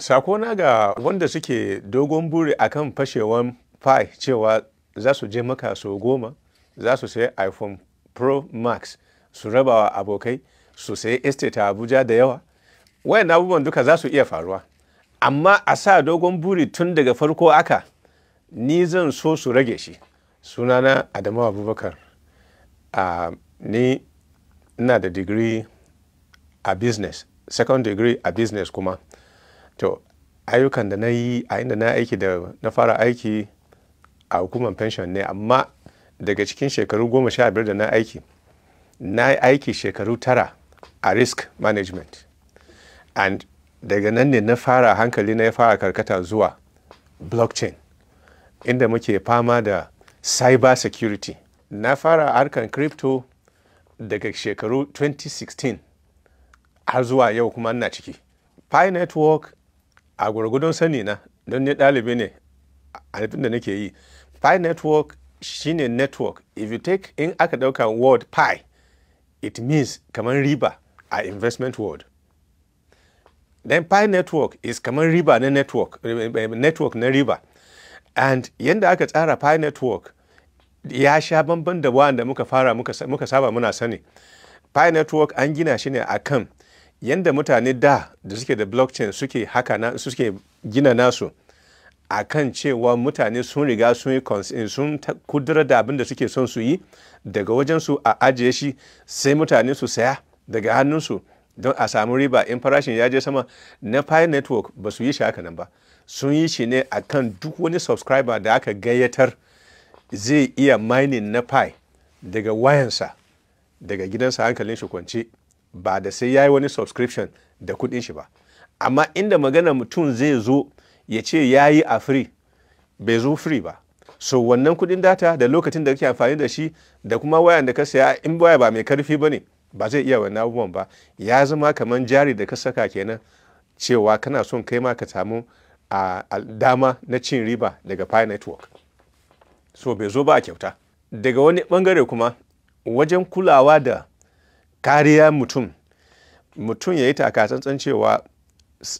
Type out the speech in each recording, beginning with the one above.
sako na ga wanda suke dogon buri akan fashewan pi cewa za su je maka so goma za su sayi iphone pro max su rabawa abokai su sayi estate a abuja da yawa wayan abubuwan duka za su iya faruwa amma a sa dogon buri tun daga farko aka ni zan so su rage shi sunana adamu abubakar uh, ni ina da digiri a business second degree a business kuma to ayyukan da na yi a inda na aiki da na fara aiki a hukumar pension ne amma daga cikin shekaru goma sha biyar da na aiki na aiki shekaru tara a risk management and daga nan ne na fara hankali na ya fara karkata zuwa blockchain inda muke fama da cyber security na fara harkar crypto daga shekaru 2016 har zuwa yau kuma na ciki pi network a gwargwadon sani na don ne ɗalibi ne a da nake yi pi network shine network if you take in aka ɗauka word pi it means kamar riba a investment world then pi network is kamar riba na network network na riba and yadda aka tsara pi network ya sha bamban da wanda muka fara muka, saba muna sani pi network an gina shi ne a kan. yanda mutane da da suke da blockchain suke haka na suke gina nasu a kan cewa mutane sun riga sun yi eh, sun kudura da abin da suke son su yi daga wajensu a ajiye shi sai mutane su saya daga hannunsu don a samu riba in farashin ya je sama na pi network ba su yi shi haka nan ba sun yi shi ne a kan duk wani subscriber da aka gayyatar zai iya mining na pi daga wayansa daga gidansa hankalin shi kwance ba da sai ya yi wani subscription da kuɗin shi ba amma inda magana mutum zai zo ya ce ya yi a free bai zo free ba so wannan kuɗin data da lokacin da kake amfani da shi da kuma wayan da ka saya in baya ba mai karfi ba ne ba zai iya wannan abubuwan ba ya zama kamar jari da ka saka kenan cewa kana son kai ma ka samu a dama na cin riba daga pi network so bai zo ba a kyauta daga wani bangare kuma wajen kulawa da kariya mutum mutum ya yi takatsantsan cewa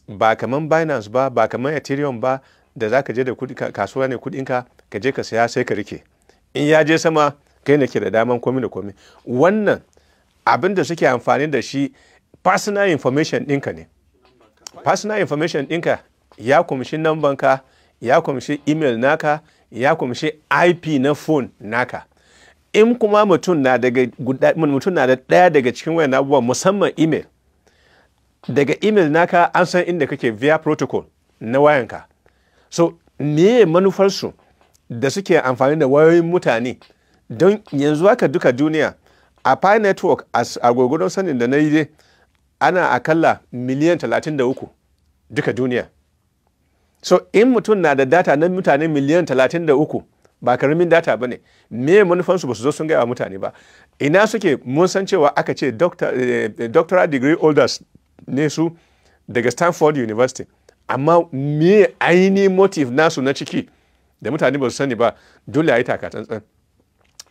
ba kamar binance ba ba kamar ethereum ba da za ka je da kasuwa ne kudinka ka je ka saya sai ka rike in ya je sama kai ne ke da daman komi da komi wannan abin da suke amfani da shi personal information ɗinka ne personal information ɗinka ya kumshi nambanka ya kumshi email naka ya kumshi ip na phone naka in kuma mutum na da ɗaya daga cikin wayan abubuwa musamman email daga email naka an san inda kake via protocol na wayanka so meye manufarsu da suke amfani da wayoyin mutane don yanzu haka duka duniya a pi network a gwagwadon sanin da na yi dai ana akalla miliyan 33 duka duniya so in mutum na da data na mutane miliyan 33 ba karamin data ba ne me manufansu ba su zo sun gaya mutane ba ina suke mun san cewa aka ce eh, eh, doctoral degree holders ne su daga stanford university amma me aini motive nasu na ciki da mutane ba su sani ba dole a yi takatsantsan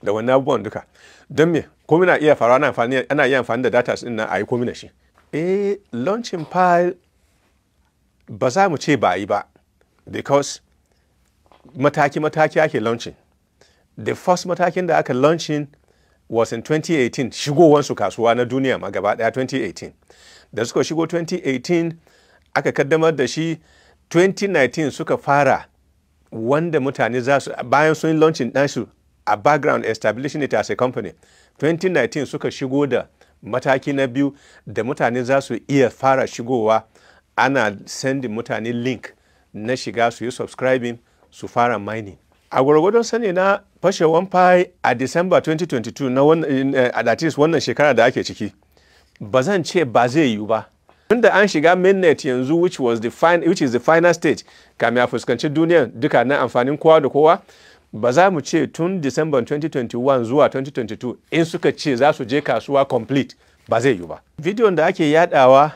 da wannan abubuwan duka don me komi na iya faruwa ana iya amfani da data din a yi komi na shi eh launching file ba za mu ce ba yi ba because mataki-mataki ake launching the first matakin da aka launching was in 2018 shigowansu kasuwa na duniya ma gaba daya 2018 da suka shigo 2018 aka kaddamar da shi 2019 suka fara wanda mutane za su bayan sun launching ɗansu a background establishing it as a company 2019 suka shigo da mataki na biyu da mutane za su iya fara shigowa ana sendin mutane link na shiga su yi subscribing su fara mining a gwargwadon sani na fashe a december 2022 na wannan eh, wannan shekara da ake ciki ba zan ce ba zai yiwu ba tunda an shiga mainnet yanzu which, was the fine, which is the final stage kamin a fuskanci duniya duka na amfanin kowa da kowa ba za mu ce tun december 2021 zuwa 2022 in suka ce za su je kasuwa complete ba zai yiwu ba bidiyon da ake yadawa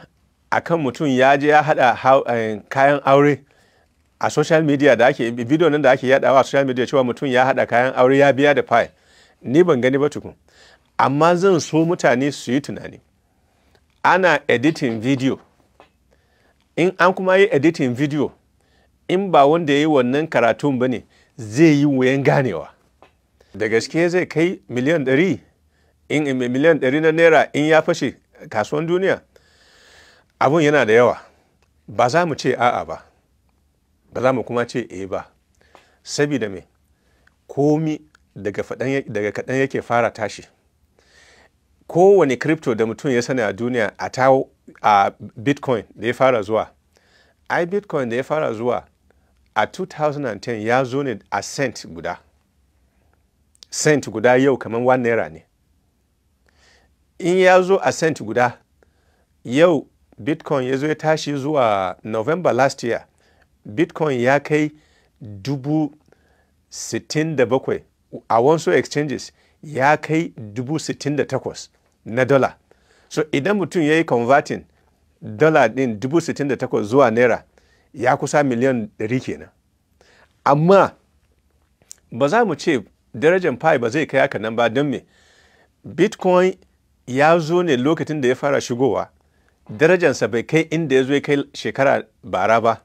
akan mutum ya je ya hada eh, kayan aure a social media da ake video nan da ake yadawa a social media cewa mutum ya hada kayan aure ya biya da fayil ni ban gani ba tukun amma zan so mutane su yi tunani ana editing video in an kuma yi editing video in ba wanda ya yi wannan karatun ba ne zai yi wuyan ganewa da gaske zai kai miliyan ɗari in miliyan ɗari na naira in ya fashe kasuwan duniya abun yana da yawa ba za mu ce a'a ba ba za mu kuma ce e ba sabida me komi daga kaɗan yake fara tashi kowane crypto da mutum ya sani a duniya a tawo a bitcoin da ya fara zuwa ai bitcoin da ya fara zuwa a 2010 ya zo ne a cent guda cent guda yau kamar 1 naira ne in ya zo a cent guda yau bitcoin ya zo ya tashi zuwa november last year bitcoin ya kai dubu 67 a wasu exchanges ya kai dubu na dola so idan mutum ya yi converting dola din dubu zuwa naira ya kusa miliyan 100 kenan amma ba za mu ce darajar pi ba zai kai haka nan ba don me bitcoin ya zo ne lokacin da ya fara shigowa darajansa bai kai inda ya zo ya kai shekara bara ba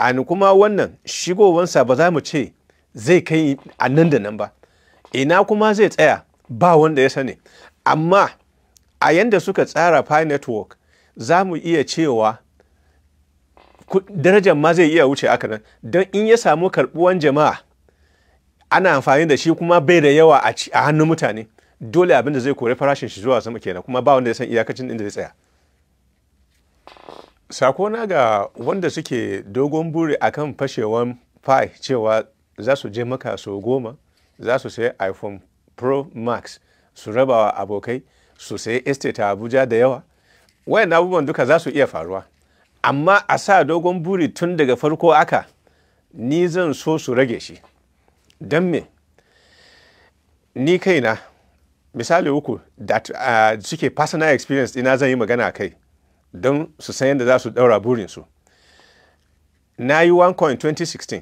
ani kuma wannan shigowansa ba za mu ce zai kai a nan da nan ba ina kuma zai tsaya ba wanda ya sani amma a yanda suka tsara pi network za mu iya cewa darajar ma zai iya wuce aka nan don in ya samu karɓuwan jama'a ana amfani da shi kuma bai da yawa a hannun mutane dole abinda zai kore farashin shi zuwa sama kenan kuma ba wanda ya san iyakacin inda zai tsaya sakona ga wanda suke dogon buri akan fashewan pi cewa za su je maka so goma za su sayi iphone pro max su raba wa abokai su sayi estate a abuja da yawa wayan abubuwan duka za su iya faruwa amma a sa dogon buri tun daga farko aka ni zan so su rage shi don me ni kaina misali uku da uh, suke personal experience ina zan yi magana kai don su san yadda za su daura burinsu na yi onecoin 2016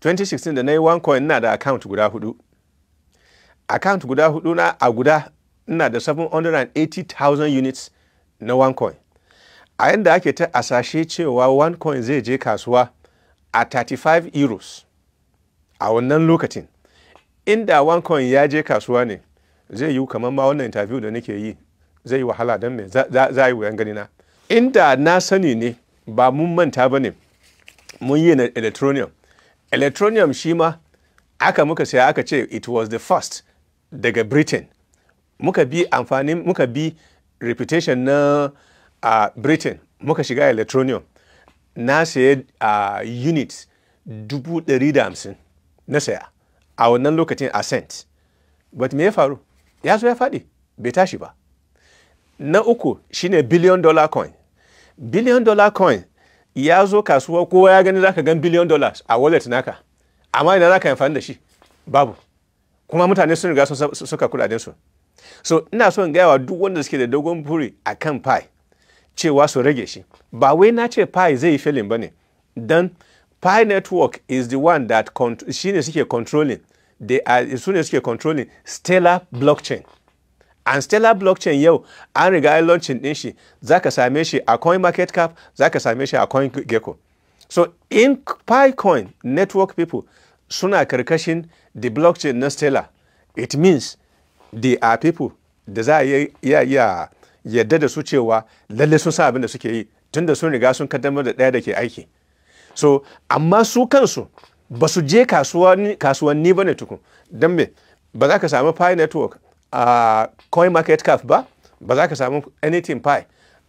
2016 da na yi onecoin ina da account guda hudu account guda hudu na a guda ina da 780,000 units na onecoin a yadda ake ta asashe cewa onecoin zai je kasuwa a 35 euros a wannan lokacin inda onecoin ya je kasuwa ne zai yi kamar ma wannan interview da nake yi zai yi wahala don me za yi wuyan ganina inda na sani ne ba mun manta ba ne mun yi na electronium electronium shi ma aka muka saya aka ce it was the first daga britain muka bi amfani muka bi reputation na uh, britain muka shiga electronium na saya uh, unit dubu ɗari na saya a wannan lokacin a cent but me ya faru ya zo ya faɗi bai tashi ba na uku shine billion dollar coin billion dollar coin ya zo kasuwa kowa ya gani zaka gan billion dollars a wallet naka amma ina zaka amfani da shi babu kuma mutane sun riga sun suka kudaden su so ina so in gaya wa duk wanda suke da dogon buri kan pi cewa su rage shi ba wai na ce pie zai yi filin bane dan Pi network is the one that shine suke controlling they are suke controlling stellar blockchain and stellar blockchain yau an riga an launching din shi za ka same shi a coin market cap za ka same shi a coin gecko so in pycoin network people suna karkashin the blockchain na stellar it means they are people da za a iya yadda da su cewa lalle sun san abin da suke yi tun da sun riga sun kaddamar da ɗaya da ke aiki so amma su kansu ba su je kasuwanni ba ne tukun don me ba za ka samu pi network a coin market cap ba ba za ka samu anything pie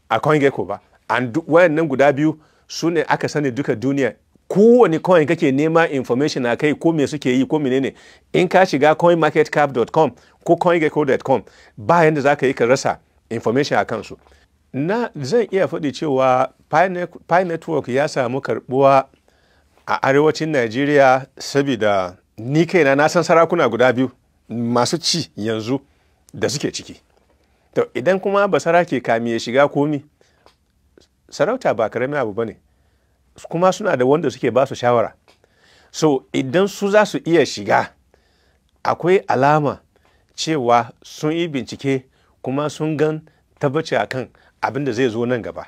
a coin gecko ba and nan guda biyu su ne aka sani duka duniya kowane coin kake nema information a kai ko me suke yi ko menene in ka shiga coinmarketcap.com ko coingecko.com ba yadda za ka yi ka rasa information a kansu na zan iya faɗi cewa pi network ya samu karɓuwa a arewacin nigeria saboda ni kaina na san sarakuna guda biyu masu ci yanzu da suke ciki to idan kuma basara ke kami ya shiga komi sarauta ba karamin abu ba ne kuma suna da wanda suke ba su shawara so idan su za su iya shiga akwai alama cewa sun yi bincike kuma sun gan tabbaci a kan abin da zai zo nan gaba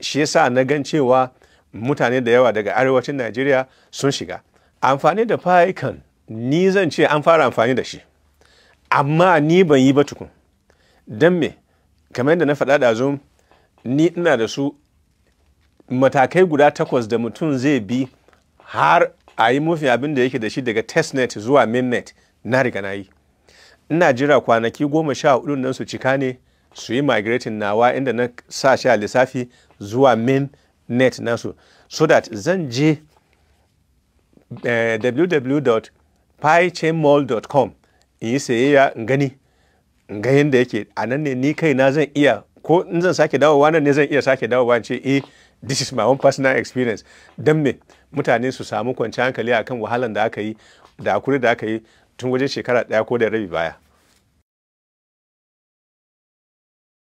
shi yasa na gan cewa mutane da yawa daga arewacin najeriya sun shiga amfani da fa'ikan ni zan ce an fara amfani da shi amma ni ban yi ba tukun don me kamar yadda na faɗa da zo ni ina da su matakai guda takwas da mutum zai bi har a yi mafi abin da yake da shi daga testnet zuwa mainnet na riga na yi ina jira kwanaki goma sha hudu nan su cika ne su yi migrating nawa inda na sa sha lissafi zuwa mainnet nasu so that zan je eh, www.pychainmall.com in yi sayayya in gani in ga yadda yake a nan ne ni kaina zan iya ko in zan sake dawowa nan ne zan iya sake dawowa ce eh this is my own personal experience don me mutane su samu kwanciyar hankali akan wahalan da aka yi da akuri da aka yi tun wajen shekara ɗaya ko da rabi baya